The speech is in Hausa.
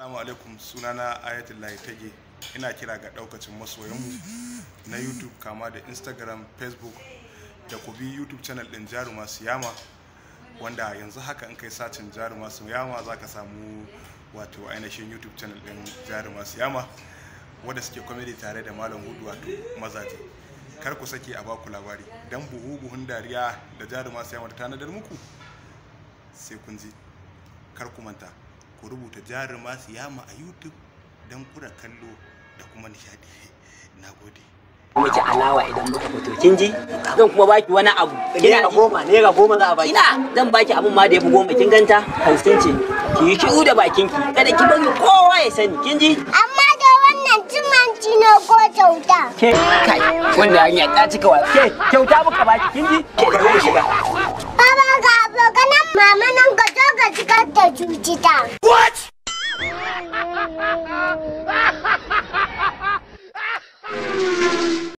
Assalamu alaikum sunana Ayatullahi Tage ina kira ga daukacin masoyanmu na YouTube kama da Instagram, Facebook da ku bi YouTube channel din Jaruma Siyama wanda yanzu haka in kai sacin Jaruma Siyama zaka samu wato ainihin YouTube channel din Jaruma Siyama wanda suke comedy tare da Malam Hudu wato mazaje kar ku sake a baku labari dan buhu buhun dariya da Jaruma Siyama ta tanadar muku sai kun ji kar ku manta ku rubuta jaruma siyama a youtube don kura kallo da kuma nishadi na gode alawa idan muka fito kin ji zan kuma baki wani abu kina goma naira goma za a baki ina zan baki abun ma da yafi goma kin ganta hamsin ce ki yi kiu da bakin ki kada ki bari kowa ya sani kin ji amma da wannan jiman jino ko kyauta ke kai wanda hanya ta cika wa ke kyauta muka baki kin ji ke shiga baba ga abokan mama nan gajo ga cikar da cuci ta Thank you.